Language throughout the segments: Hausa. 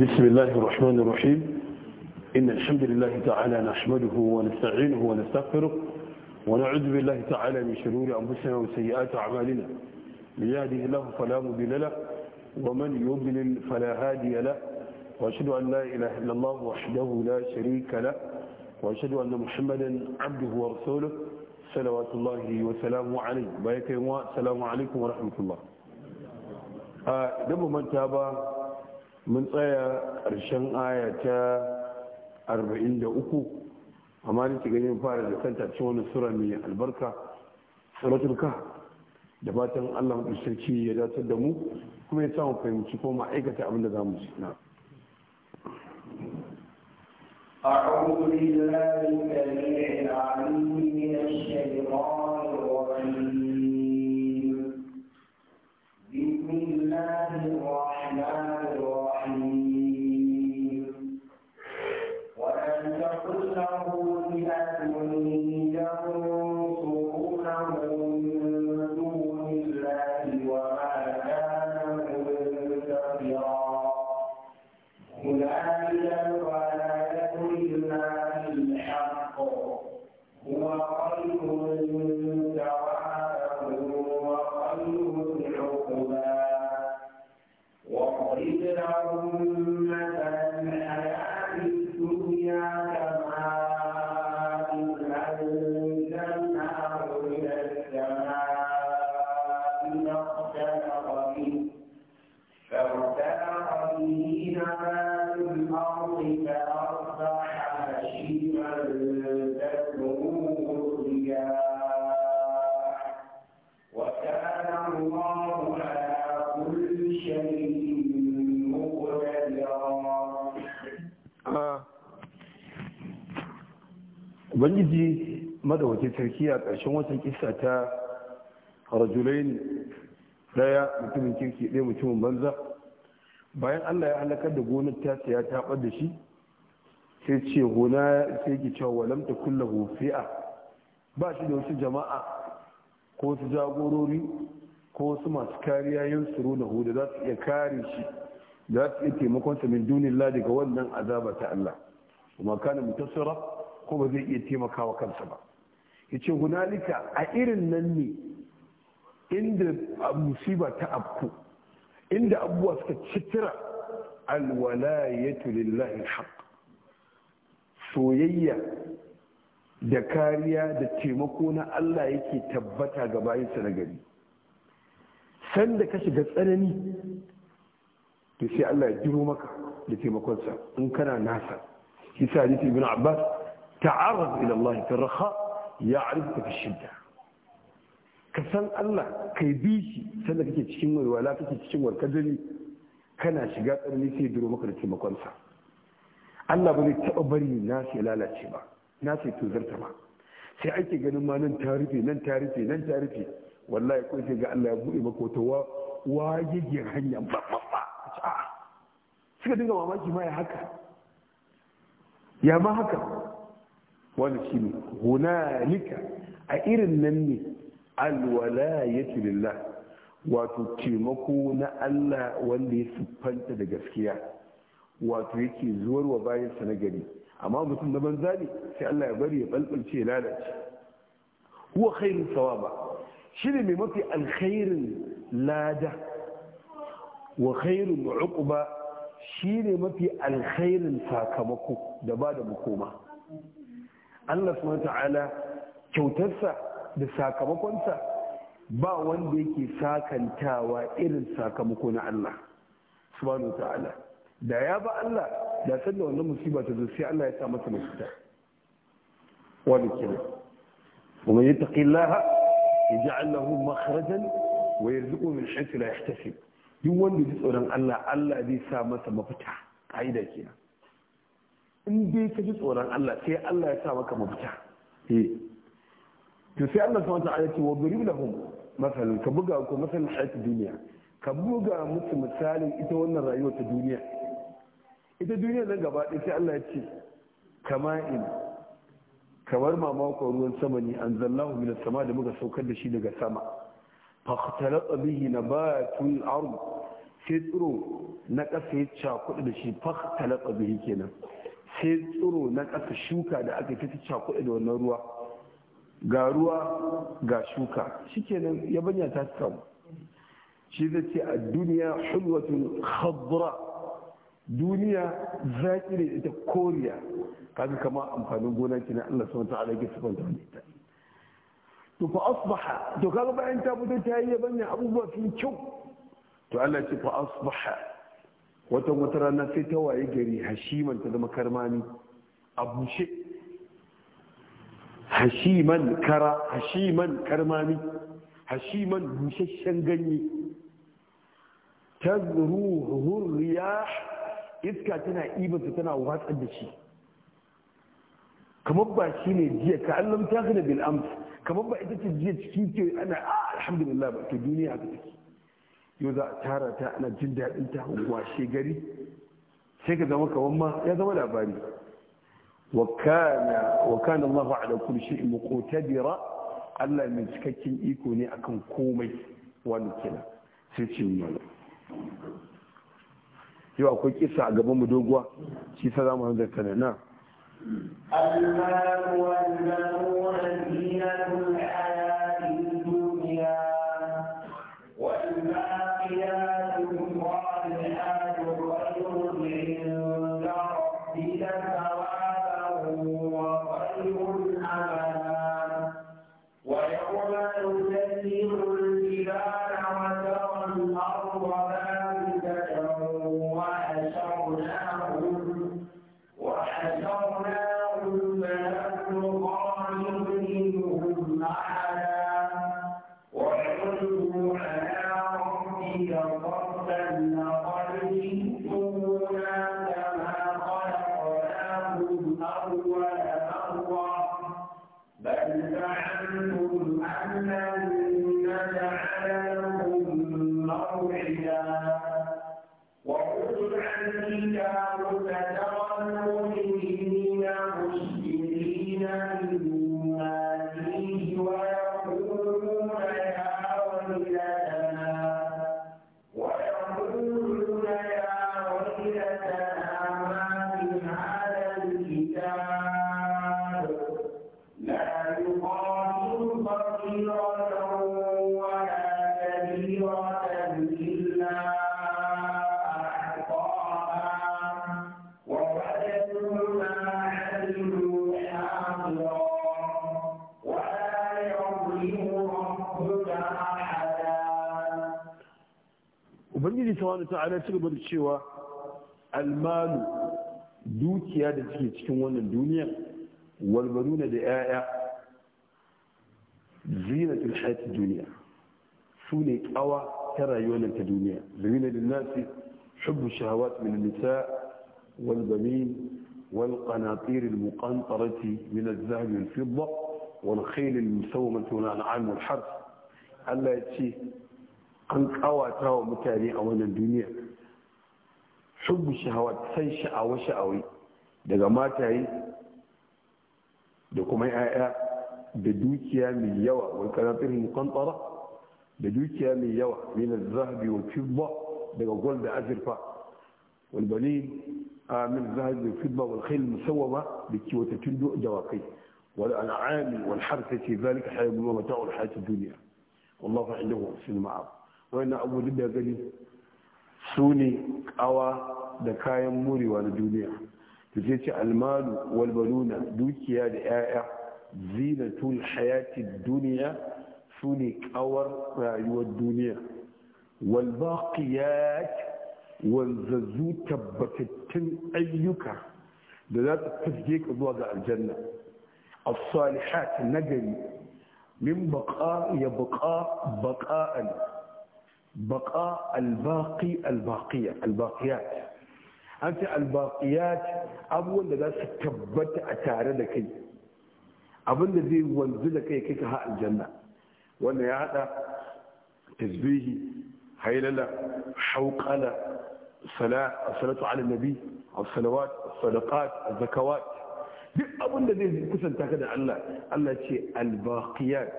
بسم الله الرحمن الرحيم إن الحمد لله تعالى نحمده ونستعينه ونستغفره ونعوذ بالله تعالى من شرور أنفسنا وسيئات أعمالنا من يهده الله فلا مضل له ومن يضلل فلا هادي له وأشهد أن لا إله إلا الله وحده لا شريك له وأشهد أن محمدا عبده ورسوله صلوات الله وسلامه عليه وبارك السلام عليكم ورحمة الله دم آه، من تابع mun tsaya ƙarshen aya ta 43 amma ni ke ganin fara da kanta cikin wani sura mai albarka suratul da fatan Allah sarki ya datar da mu kuma ya samu fahimci ko ma'aikata abin da za zamu shi na أعوذ بالله السميع العليم ubangiji madawacin sarki a ƙarshen watan kisa ta rajulain daya mutumin kirki ɗaya mutumin banza bayan allah ya halakar da gonar ta ya taɓar da shi sai ce gona sai ki cewa walam ta kulla hufi'a ba shi da wasu jama'a ko su jagorori ko wasu masu kariya yin suru na hudu za su iya kare shi za su iya taimakon sa min dunin daga wannan azaba ta allah kuma kana mutasira ko ba zai iya taimakawa kansa ba ya ce hunalika a irin nan ne inda musiba ta afku inda abubuwa suka citira alwalayatu lillahi haq. soyayya da kariya da taimako na Allah yake tabbata ga bayansa na gari sanda ka shiga tsanani to sai Allah ya jiro maka da taimakonsa in kana nasa shi sa hadisi ibn Abbas ta'arraf ila Allah fi raha ya'rifka fi ka san Allah kai bi shi sanda kake cikin walwala kake cikin warkadari kana shiga tsarni sai duro maka da taimakonsa Allah ba zai taɓa bari na sai lalace ba na sai tuzarta ba sai ake ganin ma nan ta rufe nan ta rufe nan ta ga Allah ya buɗe maka wata wajejiyar hanya ba ba ba suka dinga mamaki ma ya haka haka wani shi ne hunalika a irin nan ne alwalayatu lillah wato taimako na Allah wanda ya siffanta da gaskiya wato yake zuwar wa bayansa na gari amma mutum na banza ne sai Allah ya bari ya balbalce ya lalace huwa khairun sawaba ne mai mafi alkhairin lada wa khairun uquba ne mafi alkhairin sakamako da ba da makoma Allah subhanahu ta'ala kyautarsa da sakamakonsa ba wanda yake sakantawa irin sakamako na Allah subhanahu ta'ala da ya ba Allah da san da wannan musiba ta zo sai Allah ya sa masa mafita wani kenan kuma yattaqillaha Allah lahu makhrajan wa yarzuqu min haythu la yahtasib duk wanda ya tsoron Allah Allah zai sa masa mafita kaida kenan in dai ka ji tsoron Allah sai Allah ya sa maka mafita He. Eh. to sai Allah subhanahu wa ta'ala ce wa durib lahum masalan ka buga ko masalan hayatu duniya ka buga musu misalin ita wannan rayuwa ta duniya ita duniya nan gaba ɗaya sai Allah ya ce kama in kamar mamakon ruwan sama ne an zallahu min sama da muka saukar da shi daga sama fakhtalata bihi nabatul ard sai tsiro na ƙasa ya cakuɗa da shi fakhtalata bihi kenan sai tsiro na ƙasa shuka da aka fita ta da wannan ruwa ga ruwa ga shuka shikenan yabanya ta samu shi zai ce a duniya hulwatun khadra duniya zaki ne ita koriya kaga kama amfanin gona ke na Allah subhanahu ta'ala ke sifanta wani ita to fa asbaha to kaga bayan ta fito ta yi yabanya abubuwa sun kyau to Allah ce fa asbaha watan wata rana sai ta waye gari hashiman ta zama karmami a bushe hashiman kara hashiman karmami hashiman busasshen ganye ta zuruhun riya iska tana ibansa tana watsar da shi kamar ba shi ne jiya ka an lamta da bil'amsa kamar ba ita ce jiya ciki ke ana ah, alhamdulillah ba ta duniya ta take yau za a tara ta ana jin daɗin ta washe gari sai ka zama kawan ma ya zama labari wakana Allah ala kulli shay'in muqtadira Allah mai cikakken iko ne a kan komai wani kina sai ce mana yau akwai kisa a gaban mu doguwa shi sa zamu hanzarta ne na Allah wal ubangiji ta wani ta'ala ci gaba da cewa almanu dukiya da suke cikin wannan duniya walbanuna da 'ya'ya zinatul hayati duniya su ne kawa ta rayuwar ta duniya zina linnasi hubbu shahawat min nisa wal banin wal qanatir al muqantarati min al zahab wal fidda wal Allah an kawata wa mutane a wannan duniya hubbu shahawat san sha'awa sha'awai daga mataye da kuma ya'ya da dukiya mai yawa wal qanatir muqantara da dukiya mai yawa min az-zahabi wal fidda daga gold da azurfa wal banin من الذهب والفضة والخيل المسومة بكيوة تندو دواقي والأنعام والحرثة ذلك حيوان ومتاع الحياة الدنيا والله عنده حسن معه wani abu duk da gani su ne kawa da kayan murewa na duniya da ce ce almalu walbaluna dukiya da 'ya'ya zinatul hayati duniya su ne kawar rayuwar duniya walbaqiyat wanzazzu tabbatattun ayyuka da za ta fasge ka zuwa ga aljanna as-salihat nagari min baqa ya baqa baqa'an بقاء الباقي الباقية الباقيات أنت الباقيات أول لا ستبت أتاردك أبن الذي ونزلك يكيك ها الجنة وأن هذا تسبيه هيللة حوقلة صلاة الصلاة على النبي الصلوات الصدقات الزكوات duk abin da zai kusanta ka da Allah Allah ce albaqiyat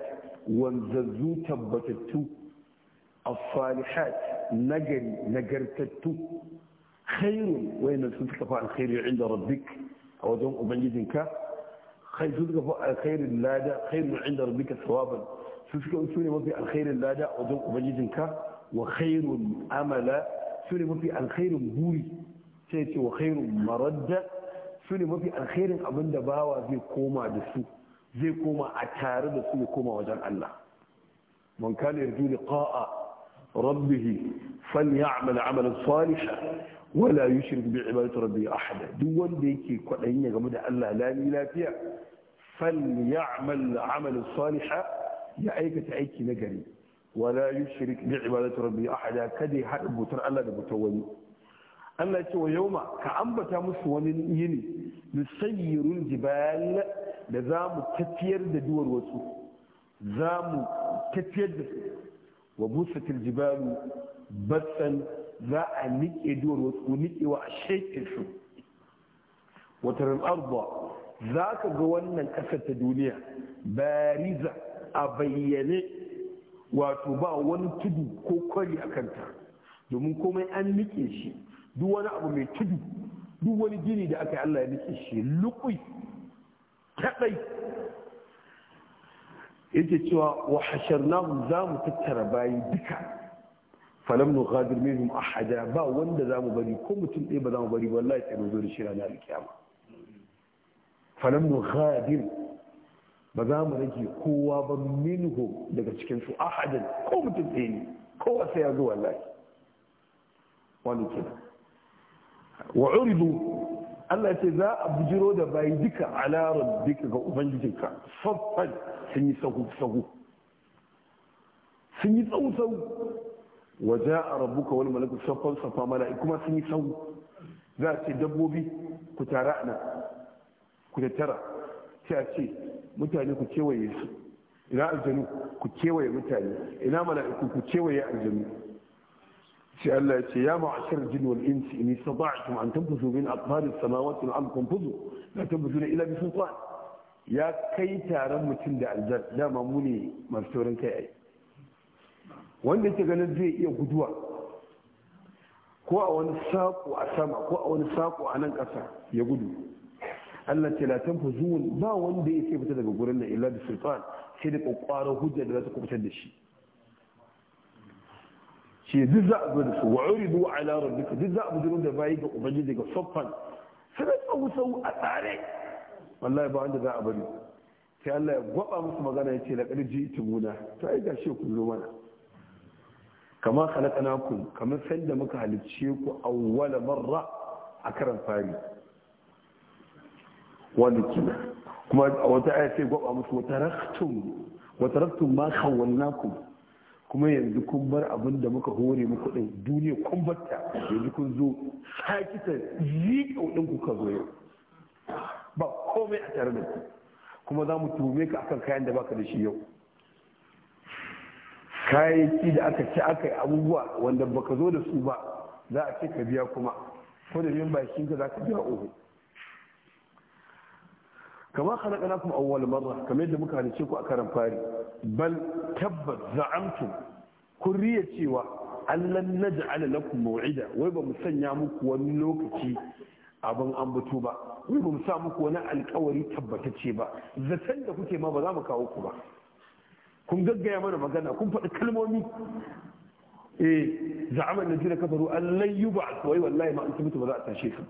wanzazzu tabbatattu الصالحات نجري نجرتت خير وين تدك الخير عند ربك أو دوم أبنجدك خير تدك الخير اللادة خير عند ربك ثوابا تدك أسوني مبي الخير اللادة أو دوم أبنجدك وخير أمل سوني مبي الخير بوري سيتي وخير مرد سوني مبي الخير أبن دباوة زي كوما دسو زي كوما أتارد سوني كوما وجان الله من كان يرجو لقاء rabbihi falyamal amalan salihan wala yushrik bi ibadati rabbihi ahada duk wanda yake kwaɗayin ya game da Allah lami lafiya falyamal amalan salihan ya aikata aiki na gari wala yushrik bi ibadati rabbihi ahada kada ya haɗa butar Allah da butar wani Allah ce wa yauma ka ambata musu wani yini nusayyirul jibal da za mu tafiyar da duwar wasu za mu tafiyar da wa busatil jibalu basan za a niƙe duwar wasu nikewa a shekin su wataran arba za ka ga wannan ƙasar ta duniya bariza a bayyane wato ba wani tudu ko kwari a kanta domin komai an niƙe shi duk wani abu mai tudu duk wani gini da aka yi allah ya nike shi lukui kaɗai yake cewa wa hasharnahum za mu tattara bayi duka falam nu ghadir minhum ahada ba wanda za mu bari ko mutum ɗaya ba za mu bari wallahi sai mun zo da shi ranar alkiyama falam nu ghadir ba za mu rage kowa ba minhu daga cikin su ahadan ko mutum ɗaya ne kowa sai ya zo wallahi wani kenan wa uridu Allah ce za a bujiro da bayi duka ala rabbika ga ubangijinka saffan sun yi sahu sahu sun yi tsawo sahu waje a ka wani malaku saffan saffa mala'i kuma sun yi sahu za a ce dabbobi ku tara ana ku tattara sai a ce mutane ku kewaye su ina aljanu ku kewaye mutane ina mala'iku ku kewaye aljanu sai Allah ya ce ya ashar jin wal insi in istata'tum an tanfusu min aqtaris samawati wal ardi tanfusu la tanfusuna illa bi sultan ya kai taron mutum da aljan dama mu ne masu taurin kai ai wanda ke ganin zai iya guduwa ko a wani sako a sama ko a wani sako a nan ƙasa ya gudu Allah ce la tanfusun ba wanda ya ce fita daga gurin nan illa bi sultan sai da kokkwaro hujja da za ta kubutar da shi shi duk za a zo da su wa uridu ala duka duk za a bujiro da bayi ga ubangiji ga soffan sai tsawo tsawu a tsare wallahi ba wanda za a bari sai Allah ya gwaba musu magana ya ce da ƙarji tumuna ta yi gashi ku zo mana kama ku kamar sanda muka halicce ku a wala marra a karan fari wani kina kuma wata ayyace sai gwaba musu wata raktun wata raktum ma khawwalnakum kuma yanzu kun bar abin da muka hore muku din duniya kun batta yanzu kun zo saki ta jiƙa din ku ka zo yau ba komai a tare da ku kuma za mu tume ka akan kayan da baka da shi yau kayayyaki da aka ci aka yi abubuwa wanda baka zo da su ba za a ce ka biya kuma ko da yin bakin ka za ka biya uku kama khalaqnakum awwal marra kamar yadda muka halice ku a karan fari bal tabbat za'amtum kun riya cewa allan naj'al lakum maw'ida wai ba mu sanya muku wani lokaci abin an batu ba wai ba mu sa muku wani alkawari tabbatacce ba zaton da kuke ma ba za mu kawo ku ba kun gaggaya mana magana kun faɗi kalmomi eh za'aman ladina kafaru an lan yub'ath wai wallahi ma an mutu ba za a tashe su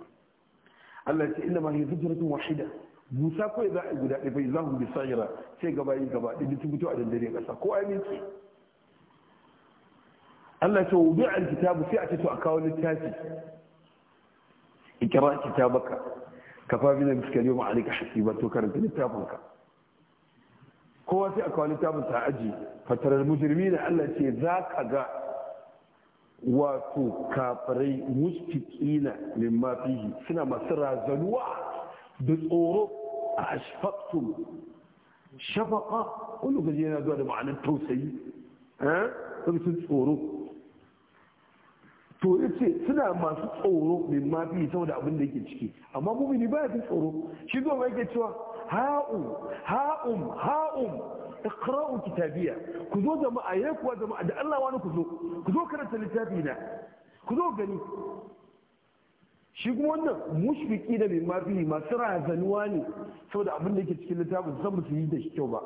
Allah ya ce inna ma hiya fitratun wahida Musa kawai za a yi guda ɗaya za mu bi sayira sai gaba yi gaba ɗin da tubuto a dandare ƙasa ko aminci Allah ya ce wa bi'a alkitabu sai a ce to a kawo littafi ikira kitabaka kafa bi nabika al-yawma alayka hasiba to karanta littafin ka. kowa sai a kawo littafin sa aji fataral mujrimina Allah ce za ka ga wato kafirai mustiqina mimma fihi suna masu razanuwa da tsoro a ashfaqtum shafaqa wani gaji yana zuwa da ma'anar tausayi tsoro to yace suna masu tsoro ne ma fi saboda abin da yake ciki amma mumini baya fi tsoro shi zo yake cewa ha'u ha'u ha'u iqra'u kitabiya ku zo jama'a yayi kuwa jama'a da Allah wani ku zo ku zo karanta littafi na ku zo gani shi kuma wannan mushfiki da mai mafi masu razanuwa ne saboda abin da yake cikin littafin san ba su yi da shi kyau ba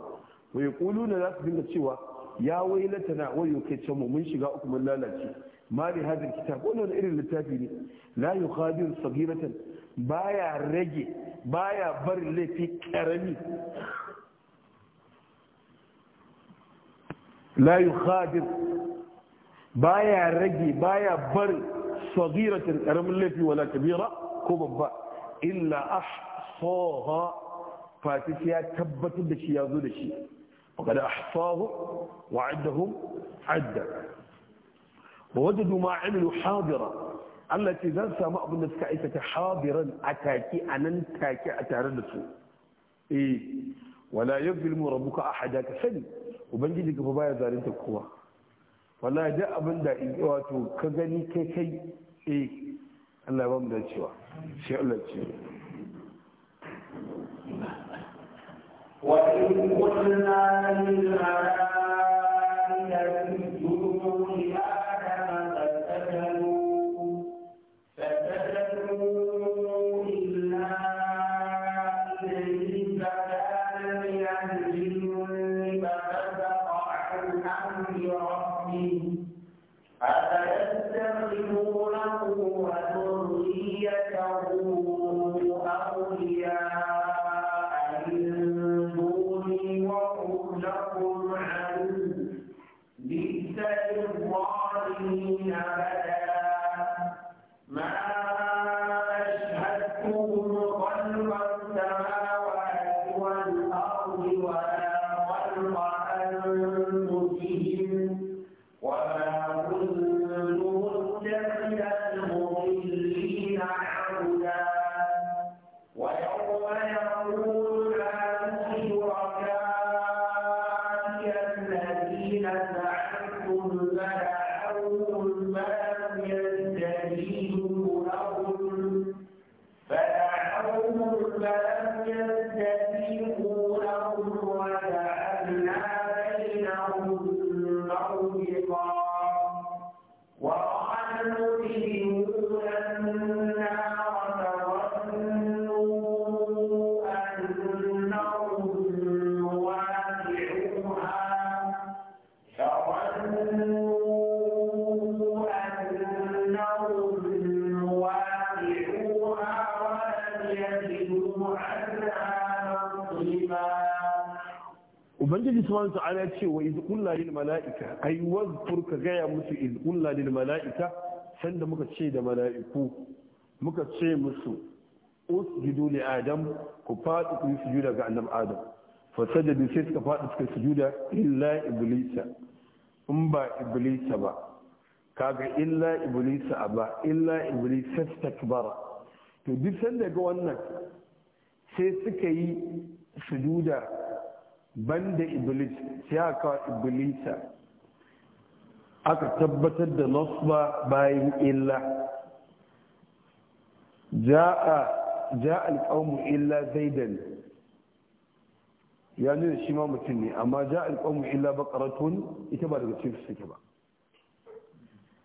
wai kulu na za su dinga cewa ya wai latana wai kai can mu mun shiga uku mun lalace mali hadin kitab wannan irin littafi ne la yuqadir sagiratan baya rage baya barin laifi karami la yuqadir baya rage baya barin صغيرة أرم الله ولا كبيرة كبابا إلا أحصاها فاتسيا تبت دشي يازو دشي وقد أحصاهم وعدهم عدا ووجدوا ما عملوا حاضرا التي ذنسى ما أبن حاضرا أتاكي أنن تاكي أتاردسو إيه ولا يظلم ربك أحدا كسني وبنجي لك بابايا زارين wala duk abin da wato ka gani kai kai eh Allah ba mu da cewa shi Allah ce وإن lil للملائكة uwansu ana wa iz kulla lil mala'ika ay wazkur ka gaya musu iz kulla lil mala'ika sanda muka ce da mala'iku muka ce musu usjudu li adam ku fadi ku sujuda ga annab adam fa sajadu sai suka fadi suka sujuda illa iblisa in ba iblisa ba kaga illa iblisa ba illa iblisa takbara to duk sanda ga wannan sai suka yi sujuda banda iblis sai aka iblisa aka tabbatar da nasba bayan illa ja'a ja alƙawmu illa zaidan ya nuna shi ma mutum ne amma ja alƙawmu illa baqaratun ita ba daga cikin suke ba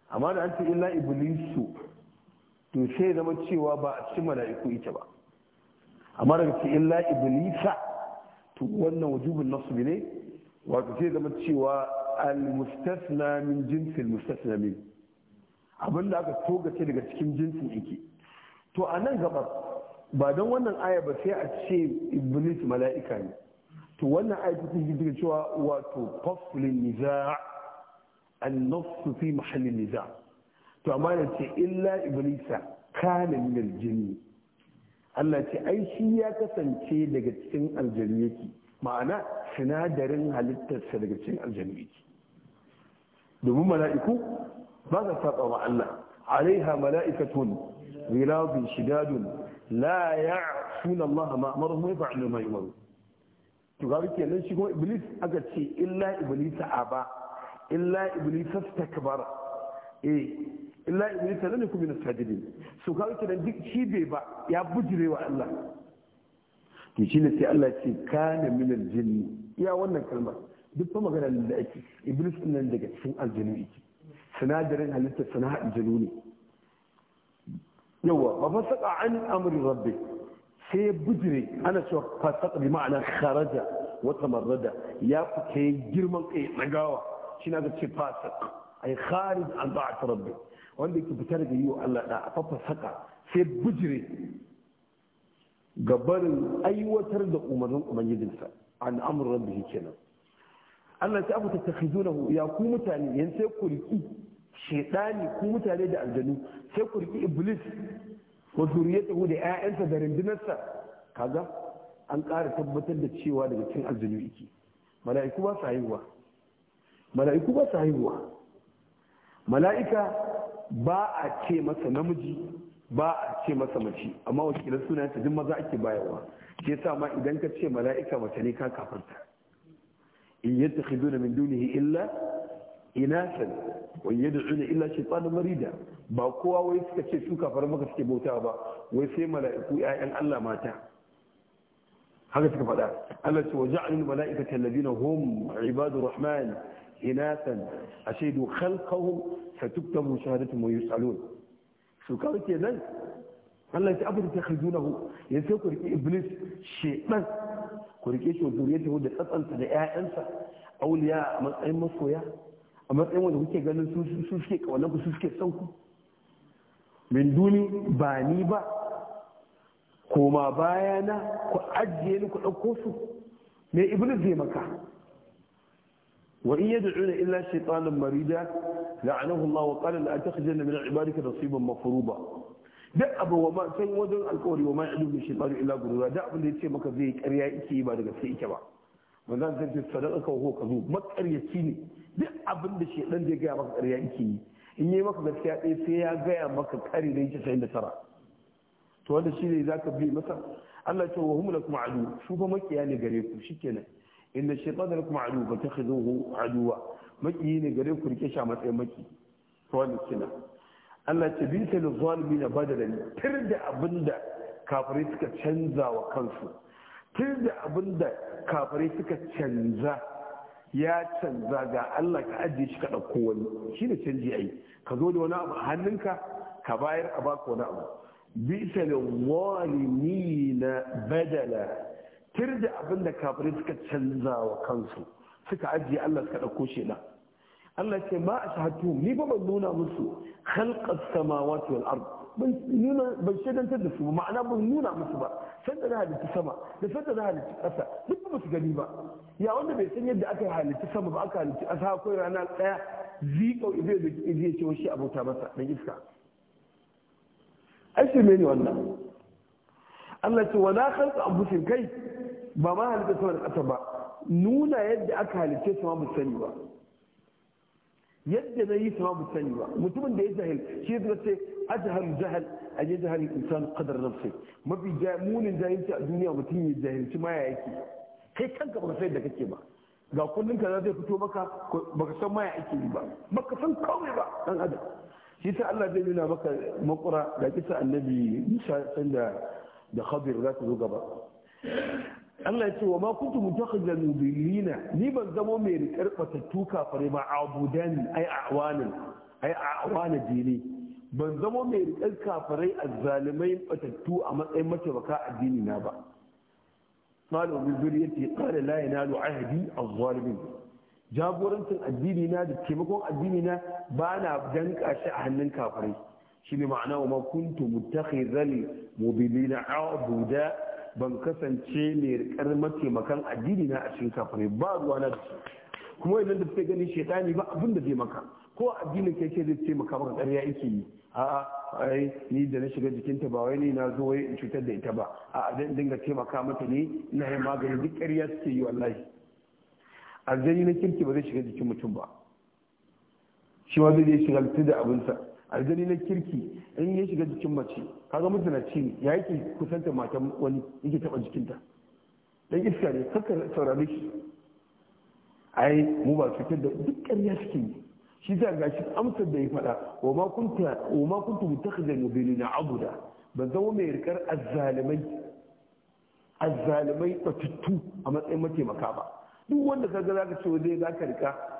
amma da an ce illa iblisu to sai zama cewa ba a cikin mala'iku ita ba amma daga cikin illa iblisa to wannan wajibin nasbi ne wato sai zama cewa al-mustasna min jinsi mustasna min abinda aka ce daga cikin jinsin yake to a nan gabar ba don wannan aya ba sai a ce iblis mala'ika ne to wannan aya ta cikin daga cewa wato faslin niza' an-nass fi mahallin niza' to amma ce illa iblisa kana min al-jinni Allah ce ai shi ya kasance daga cikin aljanu yake ma'ana sinadarin halittarsa daga cikin aljanu yake domin mala'iku ba za saba wa Allah alaiha mala'ikatun ghiladun shidadun la ya'suna Allah ma amaru wa yaf'aluna ma yumaru to ga kenan shi kuma iblis aka ce illa iblis aba illa iblis astakbara eh illa iblis lam yakun min kuma na so su wuce dan duk shi bai ba ya bujire wa Allah to shine sai Allah ce kana min al ya wannan kalma duk fa magana da ake iblis din nan daga cikin aljinu yake sinadarin halitta sana aljinu ne yawa ba fasaka an amri rabbi sai bujire ana cewa fasaka bi ma'ana kharaja wa tamarrada ya fita girman kai dagawa shi na ga ce fasaka ay kharij an ta'at rabbi wanda yake fitar da yi wa Allah da a fafa saka sai bujire ga barin aiwatar da umarnin ubangijinsa an amur rabbi kenan Allah ta abu tattakhizunahu ya ku mutane yan sai ku riki shedani ku mutane da aljanu sai ku riki iblis wa zuriyatahu da ƴaƴansa da rindinarsa kaga an ƙara tabbatar da cewa daga cikin aljanu yake mala'iku ba su haihuwa mala'iku ba su haihuwa mala'ika ba a ce masa namiji ba a ce masa mace amma wakilan suna ta duk maza ake bayarwa ke yasa ma idan ka ce mala'ika mace ne ka kafarta in yattakhiduna min dunihi illa inasan yadda yad'una illa tsanin marida ba kowa wai suka ce su kafar maka suke bauta ba wai sai mala'iku 'ya'yan Allah mata haka suka faɗa Allah ce wa ja'alul mala'ikata alladhina hum ibadur rahman inasan ashhadu khalqahum satuktabu shahadatu wa yusalun su kawai kenan Allah ya ce abu da ta khazunahu ya sai ku rike iblis shedan ku rike shi zuriyarsa da tsatsansa da ƴaƴansa auliya a matsayin masoya a matsayin wanda kuke ganin su su suke kawalan ku su suke son ku min duni ba ni ba koma bayana ku ajiye ni ku ɗauko su me iblis zai maka وإن يدعون إلا شيطانا مريدا لعنه الله وقال لا تخجلن من عبادك نصيبا مفروضا duk abu wa ma san wajen alkawari wa ma ilu min shaytan illa gurura da abin da yace maka zai ƙarya yake ba daga sai yake ba manzon sai ce sadaka ko ka zo makaryaci ne duk abin da shaytan zai ga maka ƙarya yake yi in yi maka gaskiya ɗaya sai ya gaya maka ƙari da yake sayin da tara to wanda shi ne zaka bi masa Allah ya ce wa hum lakum adu su fa makiya ne gare ku shikenan inda shaitan da kuma adu ba ta khizuhu aduwa maki ne gare ku rike shi a matsayin maki ta wani kina Allah ce bi ta zalimi na badalan tir da abinda kafirai suka canza wa kansu tir da abinda kafirai suka canza ya canza ga Allah ka ajiye shi ka ɗauko wani shi canji ai ka zo da wani abu hannunka ka bayar a baka wani abu bi ta na badala tir da abin da kafirai suka canza wa kansu suka ajiye Allah suka ɗauko shi na Allah ce ma a shahatu ni ba ban nuna musu khalqas samawati wal ard ban nuna ban shedantar da su ma'ana ban nuna musu ba san da halitta sama da san da halitta ƙasa duk ba su gani ba ya wanda bai san yadda aka halitta sama ba aka halitta ƙasa akwai rana ɗaya zikau zai zai ce wa shi abota masa dan iska ai shirme ne wannan Allah ce wala khalqa anfusin kai ba ma halitta sama da ƙasa ba nuna yadda aka halitta sama mu sani ba yadda na yi sama mu sani ba mutumin da ya jahil shi ya zama ce ajahal jahal a yi jahal insan kadar nafsai mafi munin jahilci a duniya mutum ya jahilci ma ya yake kai kanka baka san yadda kake ba ga kullun kaza zai fito maka baka san ma ya ake ba baka san kawai ba dan adam shi sai Allah zai nuna maka makura da kisa annabi Musa sanda da Khadir za ta zo gaba Allah ya ce wa ma kuntu mutakhidhal mudillina ni ban zamo mai rikar batattu kafare ba abudan ai awanin ai awana dini ban zamo mai rikar kafarai azzalimai batattu a matsayin mataimaka addini na ba malu bin zuriyati qala la yanalu ahdi az jagorancin addini na da taimakon addini na ba na danka shi a hannun kafirai shine ma'ana wa ma kuntu mutakhidhal mudillina abuda ban kasance mai rikar mataimakan addini na a cikin kafirai ba ruwa na su. kuma idan da suke gani shaitani ba abin da zai maka ko addinin kai ke zai taimaka maka ƙarya yake yi a'a ai ni da na shiga jikinta ba wai ni na zo wai in cutar da ita ba a'a dan dinga taimaka mata ne ina yin magani duk ƙarya suke yi wallahi aljani na kirki ba zai shiga jikin mutum ba shi ma zai shiga da abinsa aljani na kirki in ya shiga jikin mace kaga na ci ya yake kusanta matan wani yake taba jikinta dan iska ne kaka saurari shi ai mu ba fitar da duk ƙarya suke yi shi sa ga shi amsar da ya faɗa wa ma kunta wa ma kuntu mutakhidhan abu abuda ban zama mai rikar azzalimai azzalimai a matsayin mataimaka ba duk wanda ka kaga zaka ce zai zaka rika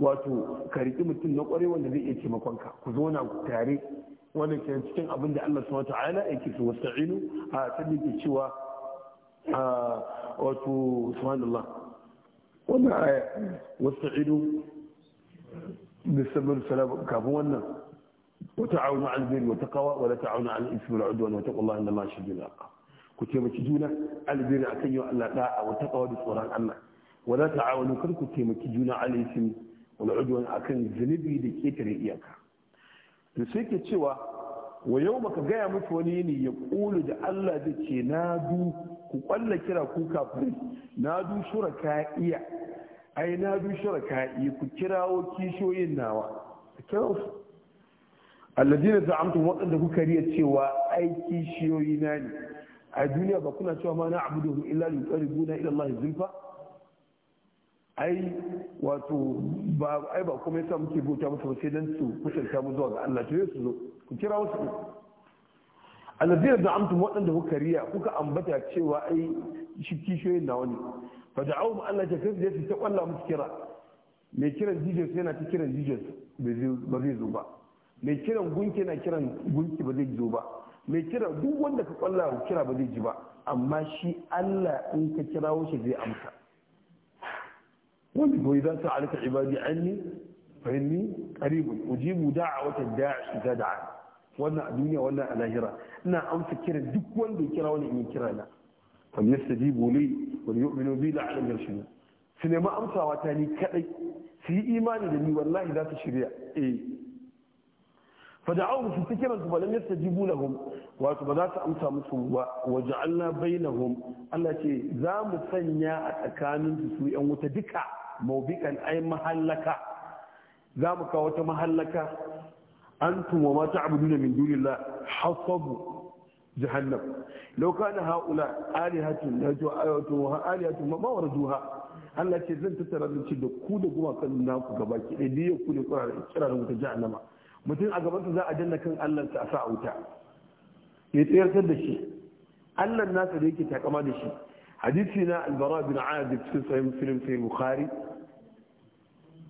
wato ka riƙi mutum na ƙware wanda zai iya taimakon ka ku zo na tare wannan ke cikin abin da Allah subhanahu wata'ala yake su wasta'inu a sabbi ke cewa a wato subhanallah wannan aya wasta'inu bi sabr salam kafin wannan wa ta'awunu al bir wa taqwa wa la ta'awunu al ism wal udwan wa taqullaha inna ma shajina ku taimaki juna al bir akan yau Allah da'a wa taqwa da tsoron Allah wa la ta'awunu kar ku taimaki juna al ism wal'udwan akan zunubi da ketare iyaka to sai ke cewa wa yau maka gaya mutu wani yini ya kulu da Allah da ce na du ku kwalla kira ku kafirai na du shuraka iya ai na du shuraka iya ku kirawo kishoyin nawa a kirawo su waɗanda kuka riya cewa ai kishiyoyi na ne a duniya ba kuna cewa ma na abudu illa ƙari yuqarribuna ila Allah zulfa ai wato ba ai ba kuma yasa muke bauta musu ba sai dan su kusanta mu zuwa ga Allah to su zo ku kira wasu alladhina da'amtum waɗanda kuka riya kuka ambata cewa ai shi kishoyin nawa ne fa mu Allah ta kai da ta kwalla musu kira mai kiran jijiyar sai yana ta kiran jijiyar ba zai zo ba mai kiran gunki na kiran gunki ba zai zo ba mai kira duk wanda ka kwalla kira ba zai ji ba amma shi Allah in ka kirawo shi zai amsa وإذا سألك عبادي عني فإني قريب أجيب دعوة الداعي إذا دعا wannan a duniya wannan a lahira ina amsa kiran duk wanda ya kira wani in kira na fal yastajibu li wal yu'minu bi la'allam yarshudun su nemi amsawa ta ni kadai su yi imani da ni wallahi za shirya eh. fada'awun su ta kiransu ba lam yastajibu lahum wato ba za su amsa musu ba wa ja'alna bainahum Allah ce za mu sanya a tsakanin su yan wuta duka maubikan ai mahallaka za mu kawo ta mahallaka antum wa ma ta'buduna min dunillah haula Allah ce zan tattara da ku da gumakan naku gabaki ɗaya ku da kira da wuta nama. mutum a gabansa za a danna kan Allah ta sa wuta ya tsayartar da shi Allah nasa da yake takama da shi hadisi na albara bin azib cikin sayi musulun sai bukhari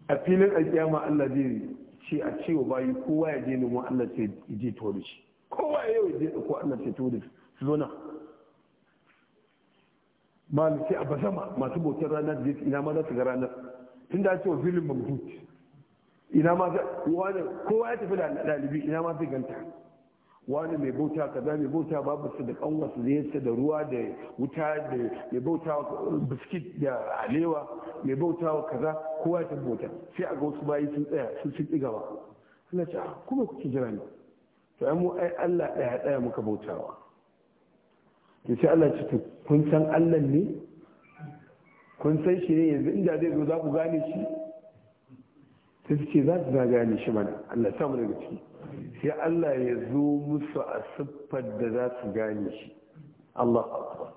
a filin alƙiyama Allah zai ce a cewa bayi kowa ya je nemo Allah sai je to da shi kowa ya yau ya je ko Allah sai to da shi su zo na malin sai a bazama masu bautar ranar da ina ma za su ga ranar tun da wa filin mabhut ina ma wani kowa ya tafi da ina ma zai ganta wani mai bauta kaza mai bauta babu su da kan wasu zai da ruwa da wuta da mai bauta biskit da alewa mai bauta kaza kowa ya tafi bauta sai a ga wasu bayi sun tsaya sun sun ɗigawa Allah ce ah, kuma kuke jira ne to ai mu ai Allah ɗaya ɗaya muka bautawa to sai Allah ce kun san Allah ne kun san shi ne yanzu inda zai zo za ku gane shi sai su ce za su zaga ne shi mana Allah samu daga ciki sai Allah ya zo musu a siffar da za su gane shi Allah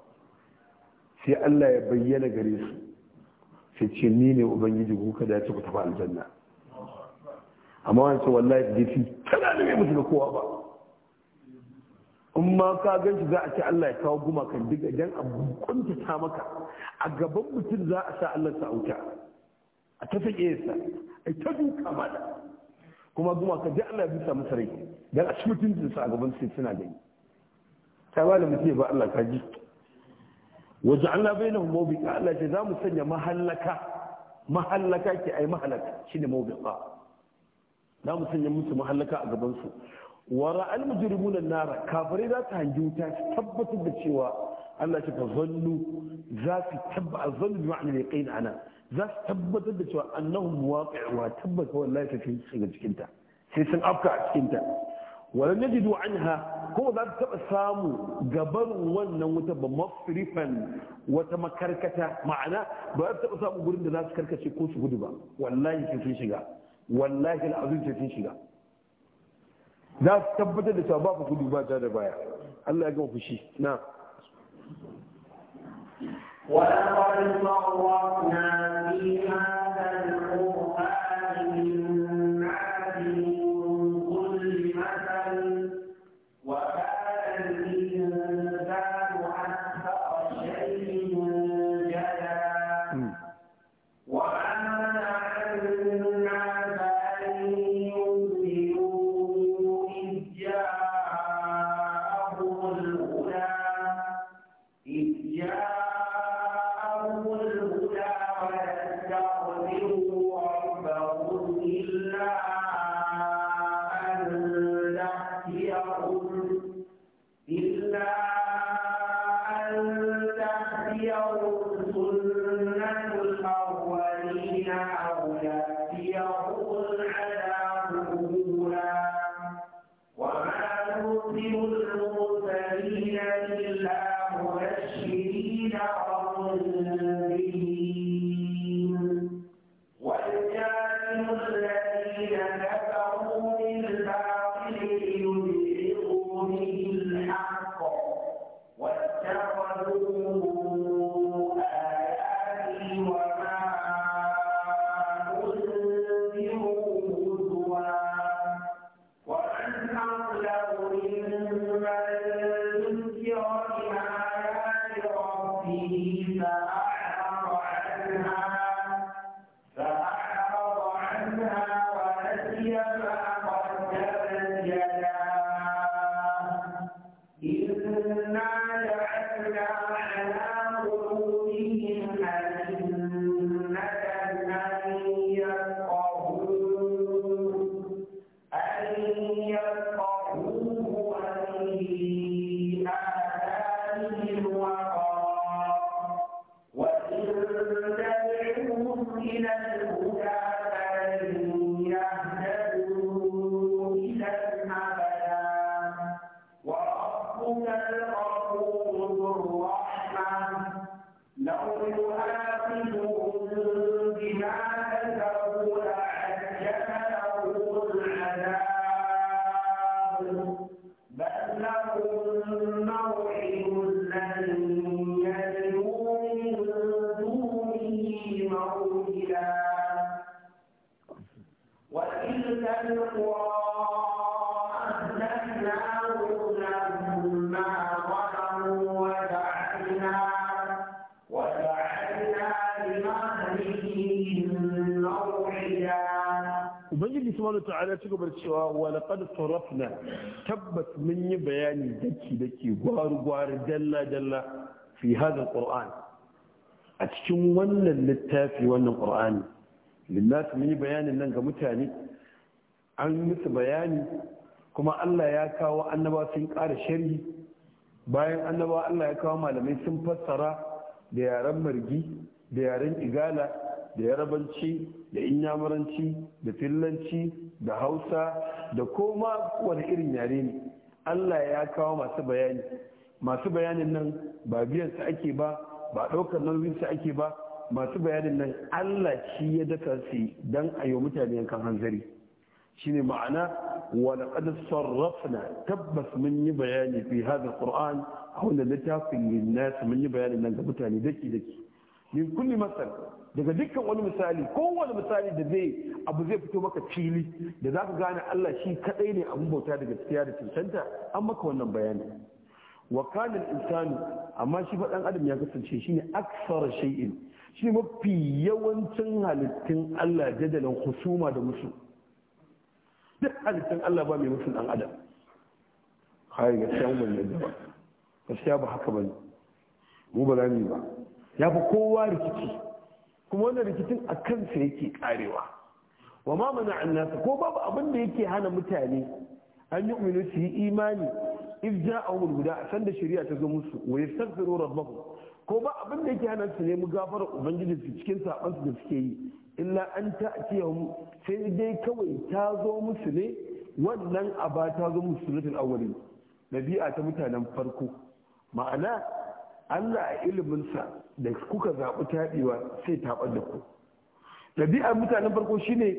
sai Allah ya bayyana gare su sai ce ni ne ubangiji ku ka dace ku tafi aljanna amma wani ce wallahi da fi tana da mai mutu da kowa ba in ma ka gan shi za a ce Allah ya kawo gumakan duk idan a kunta ta maka a gaban mutum za a sa Allah ta auta a ta sake sa a ta duka mata kuma ka ji Allah ya bisa masa rai dan a cikin mutuncin a gaban sai suna gani ta ba da mutum ba Allah ka ji waje Allah bai nan ka Allah ce za mu sanya mahallaka mahallaka ke ai mahallaka shi ne ba za mu sanya musu mahallaka a gabansu wara almujrimuna nara kafirai za ta hangi wuta su tabbatar da cewa Allah ce ka zallu za su tabba zallu bi ma'anar yaqin ana za su tabbatar da cewa annahum waqi'uha tabbata wallahi ta kai shiga cikin ta sai sun afka a cikin ta wala najidu anha kuma za ta taba samu gabarin wannan wuta ba mafrifan wata makarkata ma'ana ba za ta taba samu gurin da za su karkace ko su gudu ba wallahi sai sun shiga wallahi al'azim sai sun shiga za su tabbatar da cewa ba ku gudu ba ta da baya Allah ya gama fushi na ولقد صرفنا في هذا سبحانه وتعالى تكبر شوا ولقد صرفنا تبت مني بياني دكي دكي غار غار دلا دلا في هذا القرآن أتشم ولا للتافي ولا القرآن للناس مني بياني أنك متاني an musu bayani kuma Allah ya kawo annaba sun ƙara shari'i bayan annaba Allah ya kawo malamai sun fassara da yaren margi da yaren igala da yarabanci da inyamuranci da fillanci da hausa da koma wani irin yare ne Allah ya kawo masu bayani masu bayanin nan ba biyan su ake ba ba ɗaukar nauyin su ake ba masu bayanin nan Allah shi ya dasa su dan a yi mutane yankan hanzari shine ma'ana bayani صرفنا تبس من بياني في هذا القرآن هنا mun yi bayani nan ga mutane دكي دكي من كل مثل daga dukkan wani misali kowane misali da zai abu zai fito maka fili da za ka gane Allah shi kaɗai ne abin bauta daga gaskiya da cancanta an maka wannan bayani wa kana insanu amma shi fa adam ya kasance shine aksar shay'in shi mafi yawancin halittun Allah jadalan husuma da musu duk halittar Allah ba mai mutum ɗan adam kai gaskiya mu yadda ba gaskiya ba haka bane mu ba za mu ba ya fi kowa rikici kuma wannan rikicin a kansa yake karewa wa ma mana nasa ko babu abin da yake hana mutane an yi umarni su yi imani if ja'ahum guda a sanda shari'a ta zo musu wa yastaghfiru rabbahum ko ba abin da yake hana su nemi gafarar ubangiji su cikin su da suke yi illa an ta'tiyahum sai dai kawai ta zo musu ne wannan aba ta zo musu suratul Na biya ta mutanen farko ma'ana Allah a iliminsa da kuka zaɓi taɓewa sai taɓar da ku biya mutanen farko shine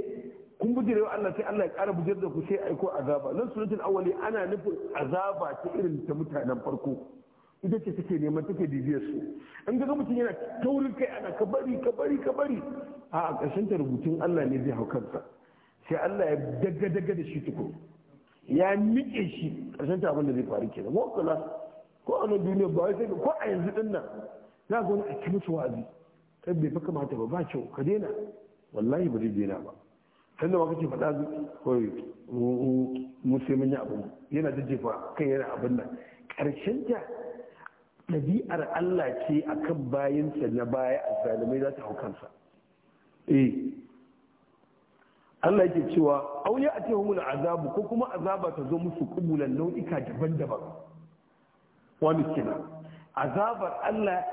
kun bujire wa Allah sai Allah ya ƙara bujar da ku sai aiko azaba nan suratul awwali ana nufin azaba ta irin ta mutanen farko ita ce take neman take bibiyar su in ga mutum yana taurin kai ana ka bari ka bari ka bari a ƙarshen ta rubutun Allah ne zai hau kansa sai Allah ya daga daga da shi tuko ya miƙe shi ƙarshen ta abin da zai faru kenan ko kula ko a nan duniya ba wai sai ko a yanzu din nan za ga wani a ci musu wa'azi kai bai fa kamata ba ba kyau ka daina wallahi ba zai daina ba Kan da ka ce faɗa kawai mu sai mun yi abu yana jajjefa kan yana abin nan ƙarshen ta ɗabi'ar Allah ce a kan bayansa na baya a zalimai za ta hau kansa eh Allah yake cewa auya a cikin azabu ko kuma azaba ta zo musu kumulan nau'ika daban-daban wani kina azabar Allah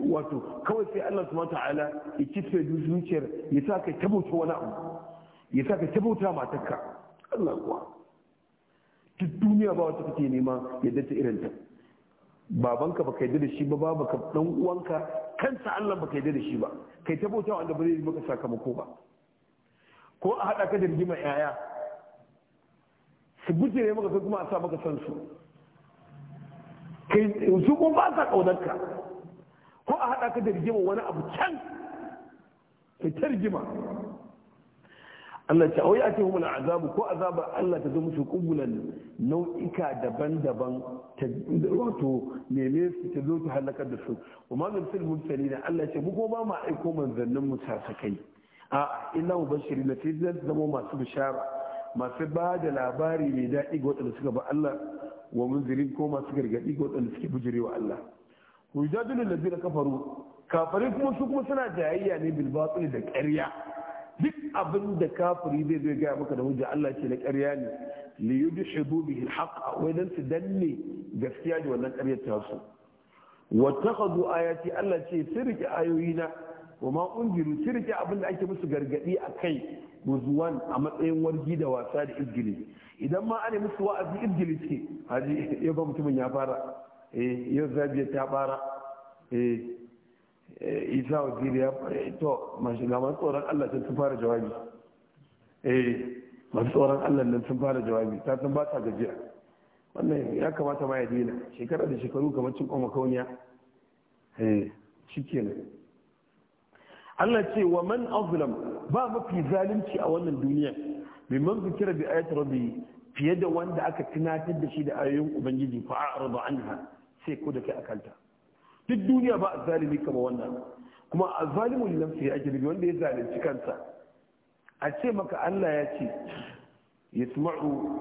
wato kawai sai Allah mata ta'ala ya kitse zuciyar ya sa ka tabbata wani abu ya sa ka tabbata matarka Allah kuwa duk duniya ba wata kake nema yadda ta irin ta babanka baka yi da shi ba babanka dan uwanka kansa Allah baka yi da shi ba kai ta bauta wanda ba zai maka sakamako ba ko a haɗa ka da rigima yaya su bijire maka sai kuma a sa maka san su kai su kuma ba sa kaunarka ko a haɗa ka da rigima wani abu can kai ta rigima Allah ce auya ake humul azabu ko azabar Allah ta zo musu kubulan nau'ika daban-daban ta wato neme su ta zo ta halakar da su wa ma nursil da Allah ce mu ko ba ma aiko manzannin mu sasakai a illa na sai zan zama masu bishara masu ba da labari mai daɗi ga waɗanda suka ba Allah wa munzirin ko masu gargaɗi ga waɗanda suke bujire wa Allah da ladina kafaru kafarin kuma su kuma suna jayayya ne bilbatsu da ƙarya duk abin da kafiri zai zai gaya maka da hujja Allah ce na ƙarya ne li yudhibu bihi alhaq wa idan su danne gaskiya da wannan ƙaryar ta su wa takhadu ayati Allah ce sirki ayoyina wa ma unjiru sirki abin da ake musu gargadi akai buzuwan a matsayin wargi da wasa da izgili idan ma ana musu wa'azi izgili ce haji yau ba mutumin ya fara eh yau zabiya ta fara eh Eh, isa wakili ya eh, to mashiga masu tsoron allah sun fara jawabi eh masu tsoron allah nan sun fara jawabi ta sun ba ta gajiya wannan ya kamata ma ya dina shekara da shekaru kamar cin kwamakauniya eh shi Allah ce wa man azlam ba mafi zalunci a wannan duniya bi man zikira bi ayati rabbi fiye da wanda aka tunatar da shi da ayoyin ubangiji fa a'rada anha sai ko da kai akanta duk duniya ba a zalimi kama wannan kuma a zalimin lamfi ya ake wanda ya zalunci kansa a ce maka allah ya ce ya sumaru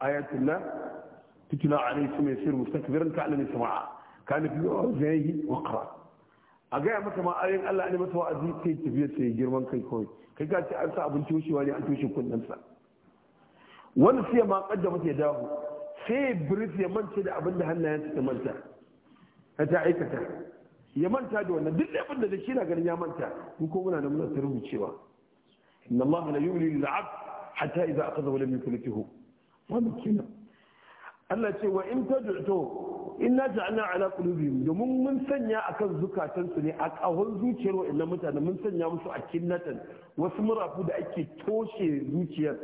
ayatullah tukuna a rai su mai sirri mustakbirin ka allah ne sama'a ka nufi wa oh, zai wa kara a gaya masa ma ayoyin allah ne masa wa'azi kai tafiya sai girman kai kawai kai ka ce an sa abin toshewa ne an toshe kunnensa wani siya ma kaddama ya dawo sai ya ya mance da abin da hannayensa ta manta ka ta aikata ya manta da wannan duk laifin da shi na ganin ya manta in ko muna da muna ta rubucewa inna allaha la yuli lil abd hatta idza akhadha wa lam yuflihu wannan Allah ce wa in tad'u inna ja'alna ala qulubihim domin mun sanya akan zukatansu ne a kahon zuciyar wa'annan mutane mun sanya musu a kinnatan wasu murafu da ake toshe zuciyar